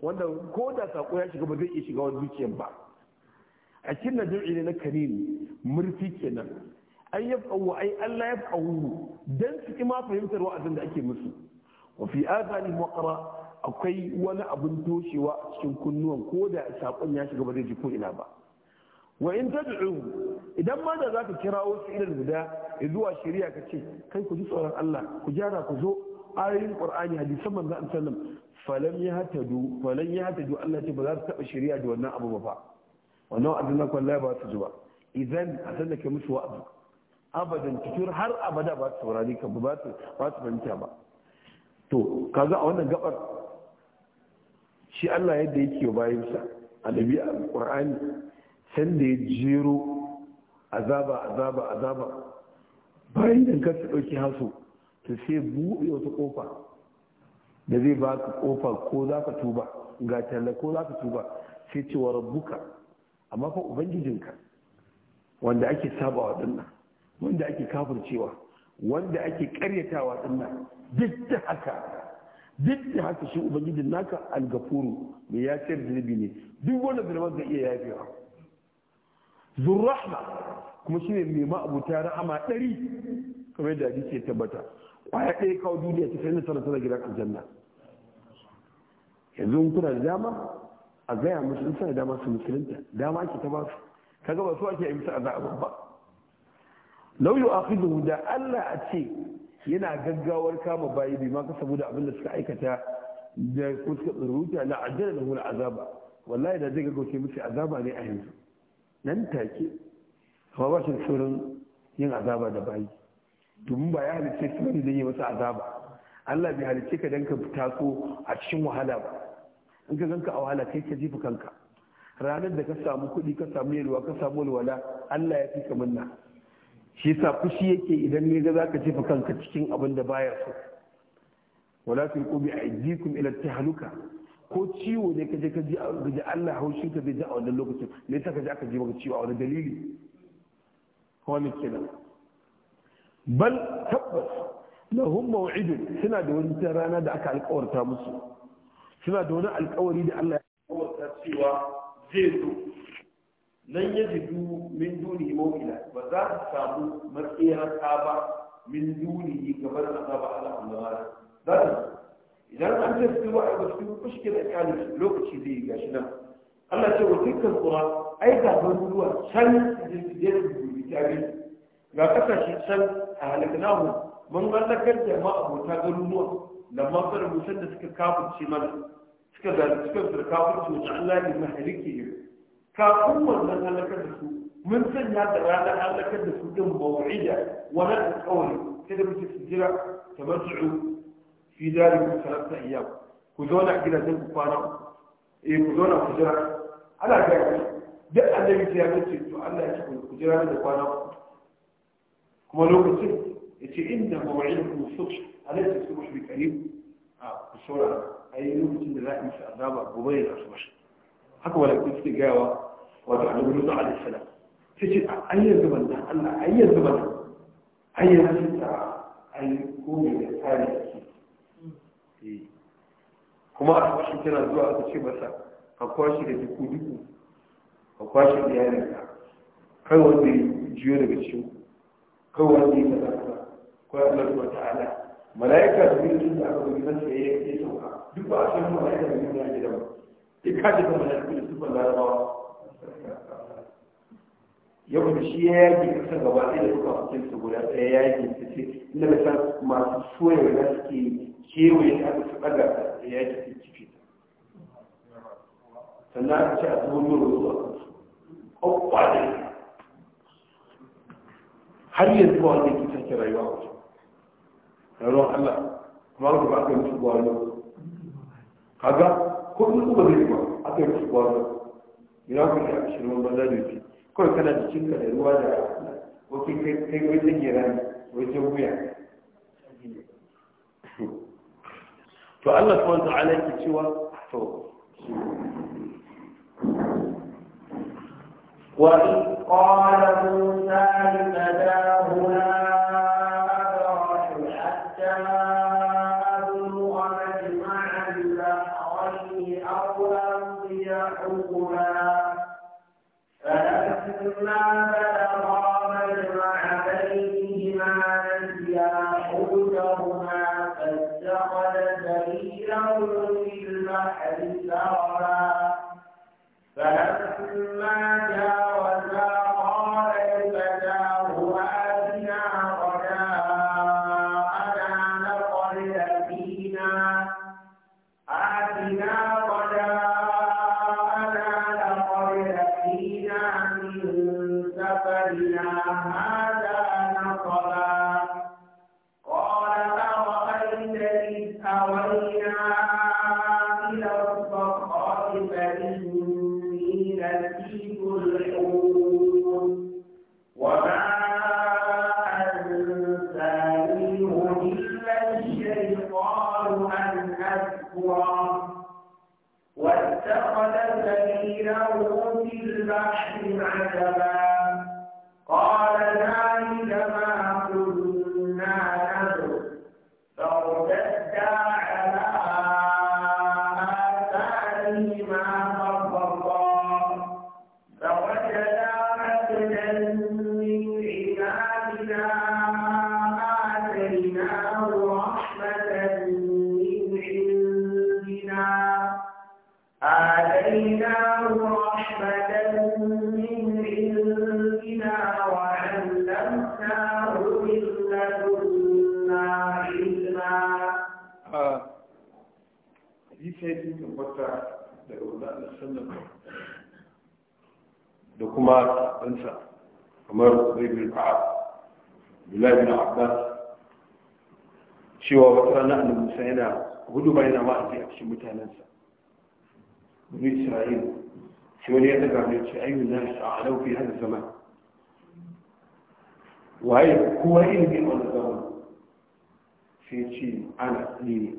wanda ko da sako ya shiga ba zai iya shiga wani zuciyar ba a kinna jam'i ne na karimi murfi kenan an yafqahu ai Allah yafqahu dan su ki ma fahimtar wa'azin da ake musu wa fi azani muqra akwai wani abun toshewa a cikin kunnuwan ko da sakon ya shiga ba zai ji ko ina ba wa in tad'u idan ma da zaka kira wasu ilal guda zuwa shari'a ka ce kai ku ji tsoron Allah ku gyara ku zo ayoyin qur'ani hadisan manzo sallallahu alaihi wasallam falam yahtadu falan yahtadu Allah ce ba za su taba shari'a da wannan abu ba wannan wa'azin na kwallaye ba su ji ba idan a san da ke musu abadan cikin har abada ba su saurari kan ba su ba su fahimta ba to kaga a wannan gabar shi Allah yadda yake sa a dabi'a alqur'ani san da ya jero azaba azaba azaba bayan da ka su dauki haso to sai buɗe wata kofa da zai baka kofa ko zaka tuba ga talla ko zaka tuba sai ce wa amma fa ubangijinka wanda ake sabawa dinna wanda ake kafircewa wanda ake karyatawa dinna duk da haka duk da haka shi ubangijin naka algafuru mai yafiyar zunubi ne duk wanda zunuban zai iya yafewa zurrahma kuma shine mai ma'abuta rahama ɗari kamar yadda ji ya tabbata kwaya ɗaya kawo duniya ta sai na sanar gidan aljanna yanzu kuna da dama a gaya musu suna dama su musulunta dama ake ta basu Ka kaga ba su ake yi musu azaba ba lauyu akhiduhu da Allah a ce yana gaggawar kama bayi bi ma ka saboda abin da suka aikata da ko suka tsuruta la da lahu azaba wallahi da zai gaggauce musu azaba ne a yanzu nan take kuma ba shi tsoron yin azaba da bayi domin ba ya halicce su ne zai yi masa azaba Allah bai halicce ka dan ka taso a cikin wahala ba in ka ganka a wahala kai ka jifa kanka ranar da ka samu kuɗi ka samu yalwa ka samu walwala Allah ya fi ka munna shi yasa fushi yake idan ne ga zaka jifa kanka cikin abin da baya so wala fi bi aydikum ila tahluka ko ciwo ne ka je ka ji ji Allah haushin ka bai ji a wannan lokacin me yasa ka ji aka ji maka ciwo a wani dalili wani kenan bal tabbas lahum maw'idun suna da wani rana da aka alƙawarta musu suna da wani alkawari da Allah ya kawarta cewa zai zo nan ya jidu min duni mawila ba za su samu matsayar ba min duni gabar da ba Allah Allah za su idan an ce su ba a ba su kushke da kyalin lokaci zai gashi nan Allah ce wa dukkan tsura ai ga garuruwa can da je su dubi tabi ga kasashe can a halaknahu mun mallakar da ma abota garuruwa lamma fa rubutan da suka kafirce mana suka ga suka fir kafirce wa Allah ne ya mahalike kafin wannan halakar da su mun sanya da ranar halakar da su din maw'ida wa na alƙawari sai da su jira ta tamattu fi dalikum salata ayyam ku zauna zan ku kwana eh ku zauna ku jira ana ga duk annabi ta ya ce to Allah ya ce ku jira da kwana kuma lokacin ya ce inda maw'idukum subh halittar su mashi karim a kusura a yi lokacin da za a mishi azaba gobe ya zasu mashi haka wala kuma suke gayawa wato a lokacin da alaihi salam sai ce a ayyar zaman da allah ayyar zaman da ayyar zaman da ayi kome da tsari da ke eh. kuma a kwashe tana zuwa aka ce masa ka kwashe da duku duku ka kwashe da yarinka kai wanda ya jiyo daga cikin kai wanda ya kaza kaza ko ya Allah ta'ala malaikar da biyu sun da aka gudu nan sai ya sauka duk ba a san mala'ika da biyu ya gida ba duk ka jikin mala'ika da sufan larabawa yau da shi ya yaki kasar gaba ɗaya da suka fukin su guda ɗaya ya yaki su ce inda da san masu soya da suke kewaye da su ɗaga da yaki su kife sannan aka ce a tsohon yau zuwa kansu ƙwaƙwaɗe har yanzu ba wanda ke sake rayuwa wajen tsaron Allah kuma aka ba aka yi musu gwano kaga ko in kuma zai ba aka yi musu gwano ina ku ya ruwan banza da fi kawai kana jikinka da ruwa da wakil kai kai tsagera ne wajen wuya to Allah subhanahu wa ta'ala yake cewa to وإذ قال موسى لفتاه لا وهي أدبع من الشعير الناس أعلو في هذا الزمان وهي هو إلهي أول الزمان في الشيء على ليني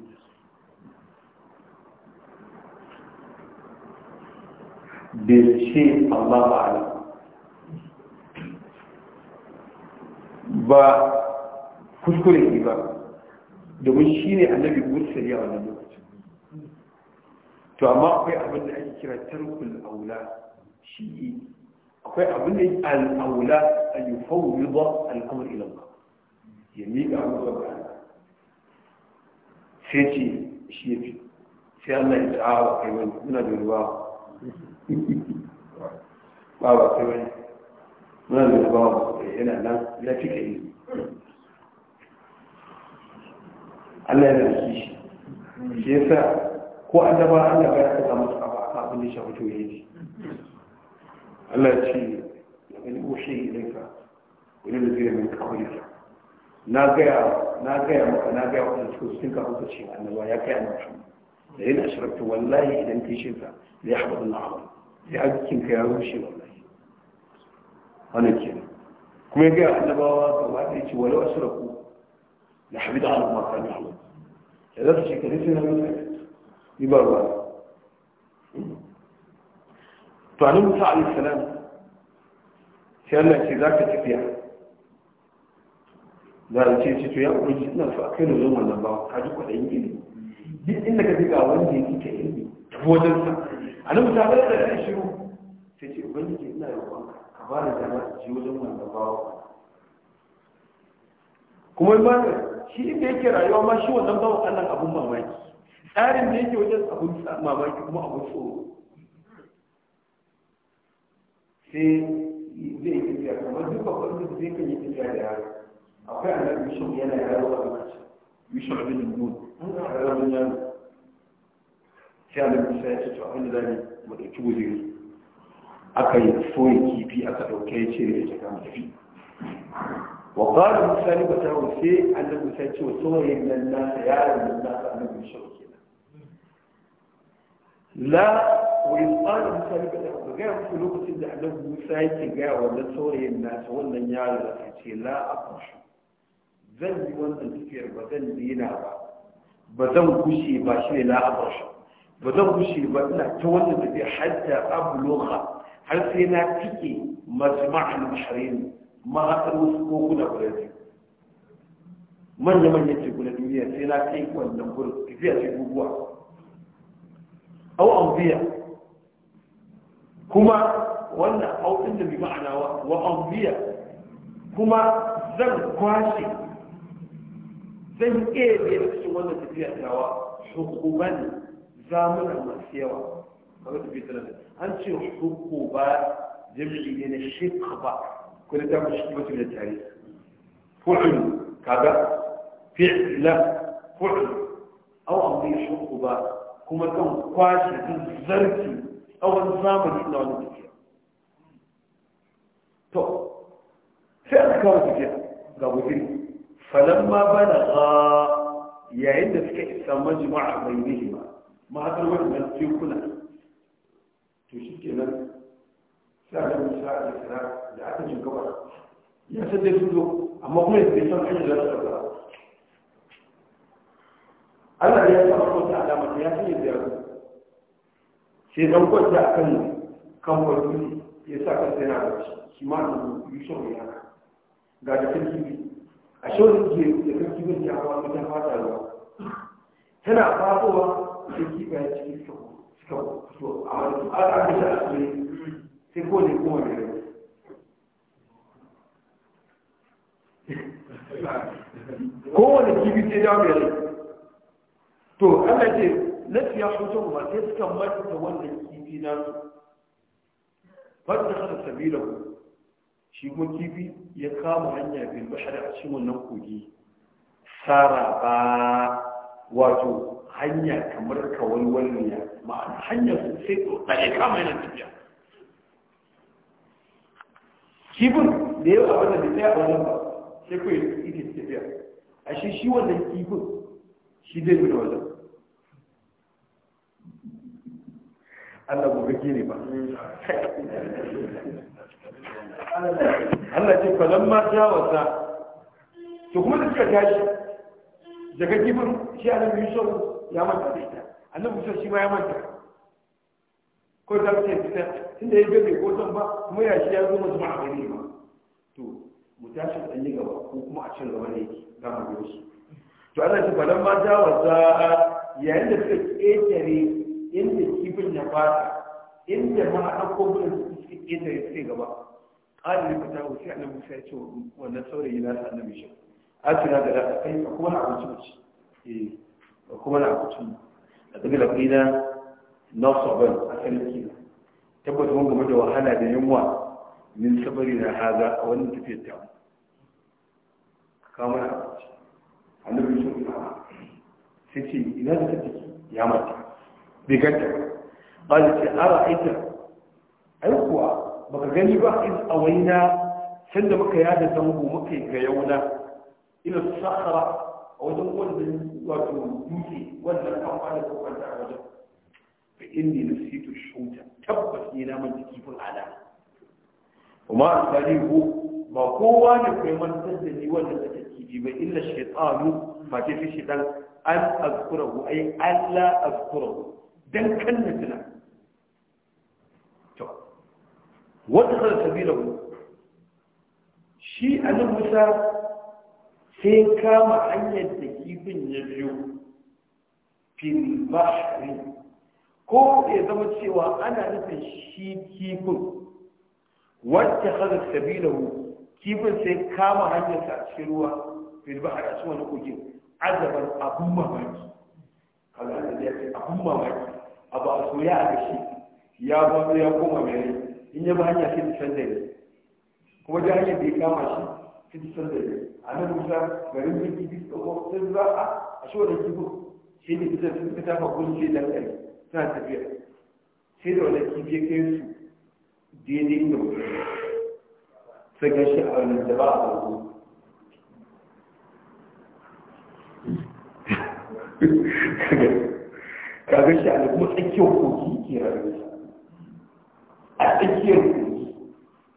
بالشيء الله أعلم ba kuskure ki ba domin shine annabi musa ya wannan to amma akwai abin da ake kira tarkul aula shi akwai abin da al'aula a yi fawwida al'amur ilan ba ya miƙa abubuwa ga Allah sai ce shi ya fi sai Allah ya ta'a ah, wa kai wani muna da ruwa ba ba kai wani muna da ruwa ba yana nan ya fi ka yi Allah ya da shi shi ya sa ko annaba Allah ba ya saka musu abin da shafi tauhidi Allah ya ce in ushe ilaika wani da zai min kawai na gaya na gaya maka na gaya wanda suka sun kafa ka ce annaba ya kai annaba da yin ashirarta wallahi idan kai shi sa da ya haɓa na haɓa sai arzikin ka ya rushe wallahi wannan ke kuma ya gaya annabawa gaba ɗaya ce walau ashirarku da habita al'umma kan haɓa da za su ce ka nisan haɓa ribar ruwa to a annabi musa alaihi salam sai Allah ce zaka tafiya da ce ce to ya ubangiji ina so akai ne zuwa wannan ba ka ji kwaɗayin ilimi duk inda ka ga wanda yake ka ilimi ta wajen sa A annabi musa bai da kai shiru sai ce ubangiji ina roƙon ka ba da dama ji wajen wannan bawa kuma ba shi inda yake rayuwa ma shi wannan bawan Allah abun mamaki tsarin da yake wajen abun mamaki kuma abun tsoro sai zai yi tafiya kamar duk babban da zai kan yi tafiya da yaro akwai annabi yusuf yana yaro a lokacin yusuf bin nun an karamin yaro sai annabi musa ya ce to abin da zai mu dauki wuzuri aka yi soya kifi aka dauke ya ce da ta kama tafi wa qala musa li batahu sai annabi musa ya ce wa soyayyan nan nasa yaron nan nasa annabi yusuf la wa in tsara musa ne kada ba gaya musu lokacin da annabi musa yake gaya wannan saurayin nasa wannan yaro da ta ce la akushu zan yi wannan tafiyar ba zan dina ba ba zan kushe ba shi ne la akushu ba zan kushe ba ina ta wannan tafiyar hatta abluha har sai na tike majma'al basharin manya duniya sai na kai tafiya au anbiya kuma wannan aukin da bi ma'ana wa anbiya kuma zan kwashe zan kebe a cikin wannan tafiya tawa hukuban zamunan masu yawa kamar tafiya tana an ce hukuba jami'i ne na shekaba ko da tafi shi mutum da tare fu'ul kaga fi'la fu'ul au an bi hukuba kuma kan kwashe din zarki tsawon zamani na wani tafiya to sai aka kawo tafiya ga wajiri falamma bana ga yayin da suka isa majima'a mai ma. nihima ma'adar wannan tekuna to shi kenan sai da musa a da aka jin gaba ya san dai sun zo amma kuma ya san hanyar da ta su Allah ya sa maka alama ya san yadda ya zo sai dan kwanta akan kan ya sa kansa yana da shi shi ma da yi ya ga da sarki a shirin ke da sarki bin ya ta fata tana fatowa ba ya cikin suka fito a wani da shi a cikin sai kowane kuma mai kowane kibi sai dawo mai rai to Allah ce nafi ya fito ba sai suka manta wannan kifi na su ta kada sabila shi kuma kifi ya kama hanya bin bashar a cikin wannan kogi sara ba wato hanya kamar ka ya. ma'ana hanya sosai to ɗaya kama yana tafiya kifin da yau abin da bai a wannan ba sai kawai ita tafiya a shi shi wannan kifin shi zai bi da wannan Allah gobe ke ne ba Allah ce falon ma jawaza to kuma da suka tashi daga kifin shi annabi Yusuf ya manta da ita annabi Yusuf shi ma ya manta ko da ce tun da ya bebe ko zan ba kuma ya shi ya zo masu ma a gani ba to mu tashi da yi gaba ko kuma a cin gaba ne za mu biyo shi to Allah ce falon ma jawaza yayin da suka ƙetare inda kifin ya fata inda ma a ɗauko gudun suke ƙeta ya suke gaba ƙari ne fita wuce a nan ya ce wannan saurayi na sa annabi shi a tuna da rasa kai a kuma na abinci mace eh a kuma na abinci a tsaga da kuɗi na nafsaban a kan kila tabbata mun game da wahala da yunwa min sabari na haza a wannan tafiyar ta kawo mana abinci annabi shi sai ce ina da ta ya mata bai ganta ba da ce ara aita aikuwa baka gani ba in a waina can da muka yada zango muka yi ga yauna ila sahara a wajen wannan wato dutse wannan amfani da kwanta a wajen fa na nasitu shuta tabbas ne na manta kifin ala kuma asalihu ba kowa ne kai mantar da ni wannan da take ji ba illa shaytanu fa ta fi dan, an azkurahu ay alla azkurahu dan kan na tuna to wata kada sabila ku shi annabi Musa sai kama hanyar da kifin ya biyo fil bahri ko ya zama cewa ana nufin shi kifin wata kada sabila ku kifin sai kama hanyar sa cikin ruwa fil bahri a cikin wani kogin azabar abun mamaki kaga da ya ce abun mamaki abu a soya a kashi ya bambo ya koma gari in ya ba hanya sai ta canza ne kuma da hanyar da ya kama shi sai ta da ne a nan musa garin da kifi ta kuma sai za a a shi wannan kifo shi ne kusa sun fita ma kun shi da kare suna tafiya sai da wannan kifi ya kai su daidai da mutum sai ga shi a wani da ba a wani Thank you. ka ga shi a kuma tsakiyar kogi ke rarrabe a tsakiyar kogi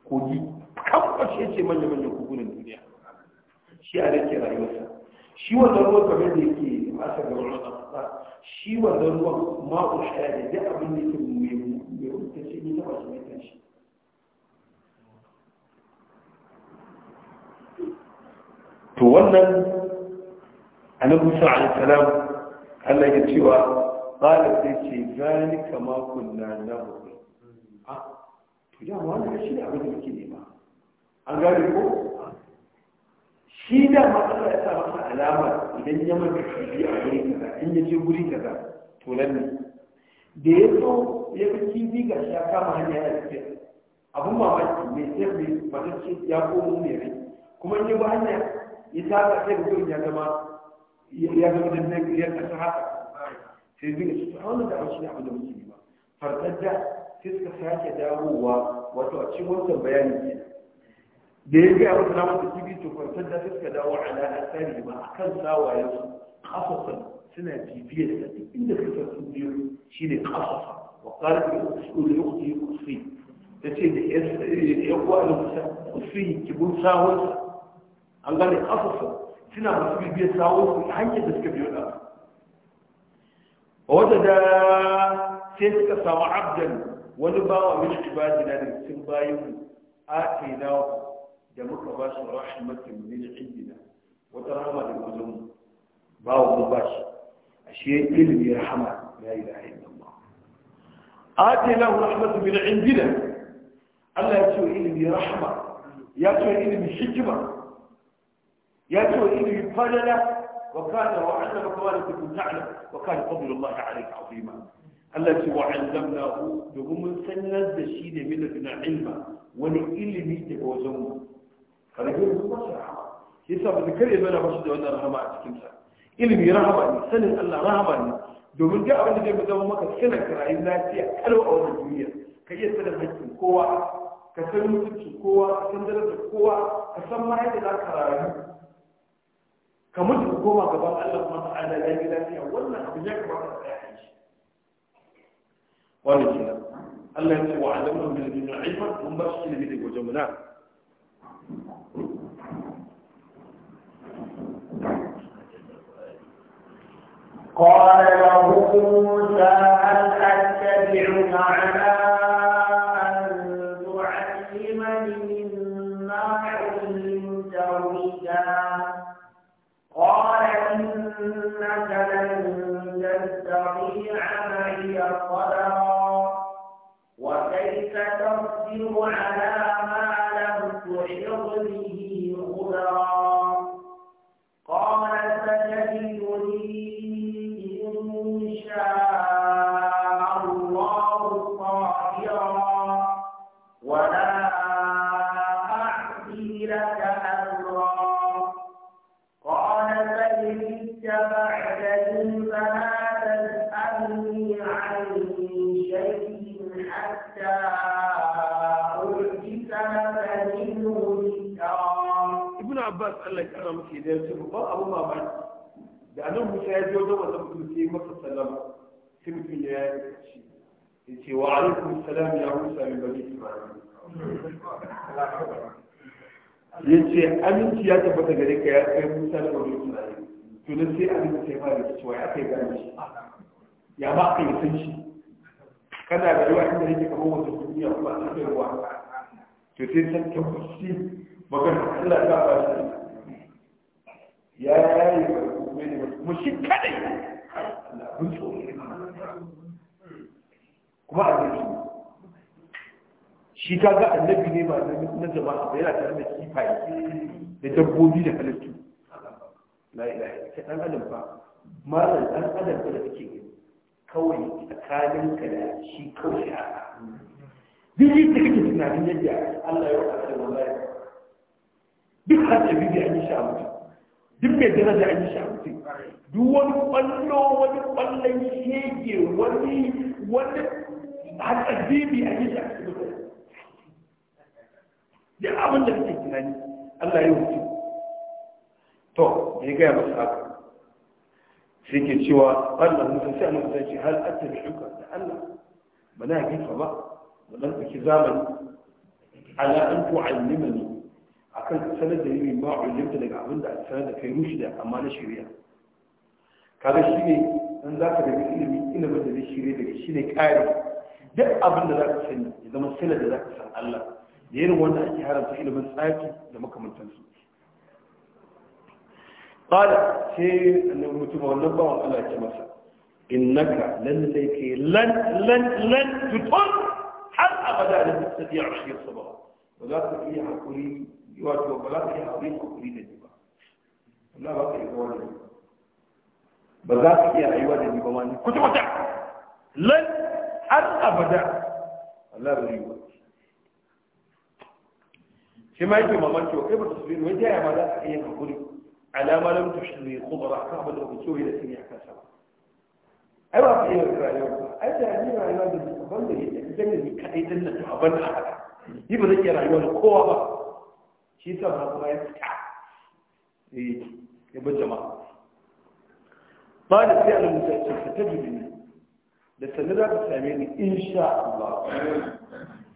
kogi kamfashe ce manya-manyan kogunan duniya shi a da ke rayuwarsa shi wannan ruwan kamar da yake masa ga wani ƙasa shi wannan ruwan ma'u shaya da duk abin da yake mai wuta ce ne ta masu mai tashi to wannan annabi sallallahu alaihi wasallam Allah ya wa. ƙara sai ce gani kama kunna na hudu a ah, to ya ma wani shi da abin da muke nema an gari ko shi da matsala ya sa masa alama idan ya manta kibi a wuri kaza in ya ce wuri kaza to nan ne da ya so ya fi kifi ga shi ya kama hanya ya tafiya abun mamaki mai sayar da ce ya komo mai rai kuma in yi ba hanya ya sa ka sai da gurin ya zama ya zama da ya kasa haka sai zai su ta wani da an shi abu da muke yi ba farkar da sai suka sake dawowa wato a cikin wancan bayani ke da ya gaya wata namun da kibi to farkar da sai suka dawo a lana tsari ba a kan sawayen su kafasan suna bibiyar da inda suka sun biyu shi ne kafafa wa ƙarar da ya kusa da ya kusa ya kusa ta ce da ya kuwa da ki kusa kibin sa, an gane kafafa suna masu bibiyar sawunsa hanyar da suka biyo da wata da sai suka samu abdan wani bawa min ibadina da cikin ake na da muka ba shi rahmatin min indina wata rahama da gudun bawa mu ba shi ashe ilmi rahama ya yi la ilaha illallah atina rahmatin min indina Allah ya ce ilmi rahama ya ce ilimi hikima ya ce ilimi fadada. وكان وعلمك ما لم تكن تعلم وكان فضل الله عليك عظيما التي وعلمناه domin sanar da shi ne milafina ilma wani ilimi daga wajenmu karfin kuma su rahama shi ba ta kare mana ba da wannan rahama a cikinsa ilimi rahama ne sanin allah rahama ne domin duk abin da zai zama maka sanar ka rayu lafiya kalau a wannan duniya ka iya sanar hakkin kowa ka san mutuncin kowa ka san kowa ka san ka rayu ka mutu ku koma gaban Allah kuma ta ala lafi lafiya wannan abin ya kamata ka tsaya shi wani ke Allah ya ce wa alamun bil dunya ilma mun ba shi ilimi daga wajen muna قال له موسى هل أتبعك على أن da ya ce babban abu mamaki da anan musa ya je wajen wannan mutum sai masa sallama sai mutum ya yi kaci ya ce wa alaikum salam ya musa min bani isra'ila ya ce aminci ya tabbata gare ka ya kai musa da bani isra'ila to nan sai aminci ya fara cewa ya kai gane shi ya ba ka yi san shi kana da yawa inda yake kamar wata duniya kuma a cikin ruwa to sai san tabbas shi magana Allah ta ya yayi mu shi kadai kun tsoro ne kuma annabi shi annabi ne ba na jama'a ba yana tare da kifaye da dabbobi da halittu la ilaha adam fa malam adam da kake kawai tsakanin ka da shi kawai a duk kake tunanin yadda Allah ya da duk har da shi a duk mai daraja an yi shi a mutum duk wani kwallo wani kwallon shege wani wani a yi shi a cikin mutum duk Allah ya wuce to ya gaya masu haka sai ke cewa Allah mutum sai Allah mutum ce hal atta da Allah ba na hakika ba dan ɗauki zamani ala an tu'allimani akan sanar da yi ma ulimta daga abin da sanar da kai rushi da amma na shirya kaga shi ne dan za ka daga ilimi ilimin da zai shirya daga shi ne kare duk abin da za ka sani ya zama sanar da za ka san Allah da irin wanda ake haramta ilimin tsaki da makamantansu qala sai annabi mutum wannan wani Allah ya ce masa innaka lallai ke, lan lan lan tutur har abada da tafiya shi sababa ba za ka iya hakuri wato ba za ka yi aure hakuri da ni ba Allah ba ka yi kawai da ni ba za ka iya rayuwa da ni ba ma ni kuta kuta abada Allah ba yi ba shi ma yake mamaki wa kai ba su biyu wani yaya ma za ka iya hakuri alama lam tushri khubra ka ba da ku so da sun yi aka ai ni ni kowa ba shi sa ma kuma ya fita eh ya bar jama'a ba da sai Allah Musa ce ka tabi da sanin za ka same ni insha Allah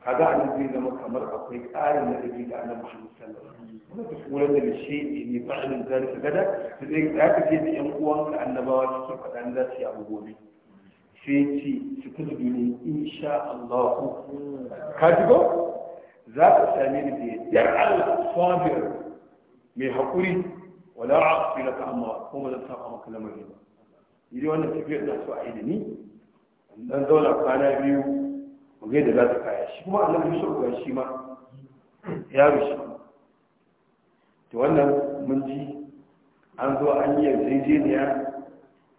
Ka ga annabi zai zama kamar akwai ƙarin na dabi da annabi Muhammad sallallahu alaihi wasallam wanda kuma da shi ne fa'ilin zalika gada da zai ka kace da ƴan ka annabawa suke faɗa ni za su yi abu gobe sai ce su kudu ne insha Allah ka ji ko za ka same ni da yar Allah sabir mai haƙuri wala a'fi laka amma ko ba zan saba maka lamarin ba idan wannan tafiyar na su a yi da ni dan zauna kwana biyu mu ga da za ta kaya shi kuma Allah ya shirya shi ma ya rushe to wannan mun ji an zo an yi yarjejeniya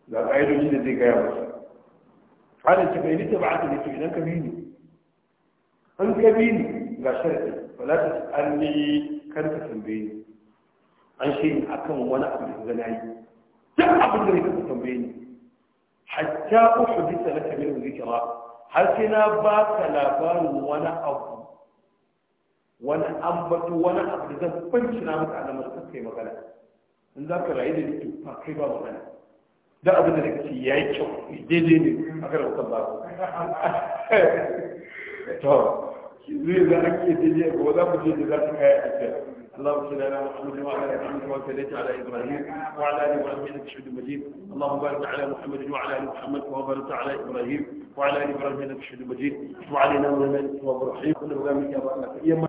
ga ƙa'idoji da zai gaya masa ana ce bai ni ta ba'ata ne to idan ka bi ni an ka bi ni ga sharadi wala ta tsalli kan ta tambaye ni an shi ne akan wani abu da zana yi duk abin da ne ka tambaye ni hatta ku hudisa laka min zikra har sai na ba ka labarin wani abu wani ambato wani abu da zan bayyana maka alamar ka kai magana in za ka rayu da ni to ba kai ba magana da abin da nake ci yayi kyau daidai ne a kan ba to zai ga an yi daidai ga wanda mu je da za ta kaya a kai اللهم صل على محمد وعلى ال محمد كما صليت على ابراهيم وعلى ال ابراهيم انك حميد مجيد اللهم بارك على محمد وعلى ال محمد كما باركت على ابراهيم وعلى ال ابراهيم انك حميد مجيد وعلينا ولنا الاسلام الرحيم كل ذلك يا